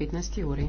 15. uri.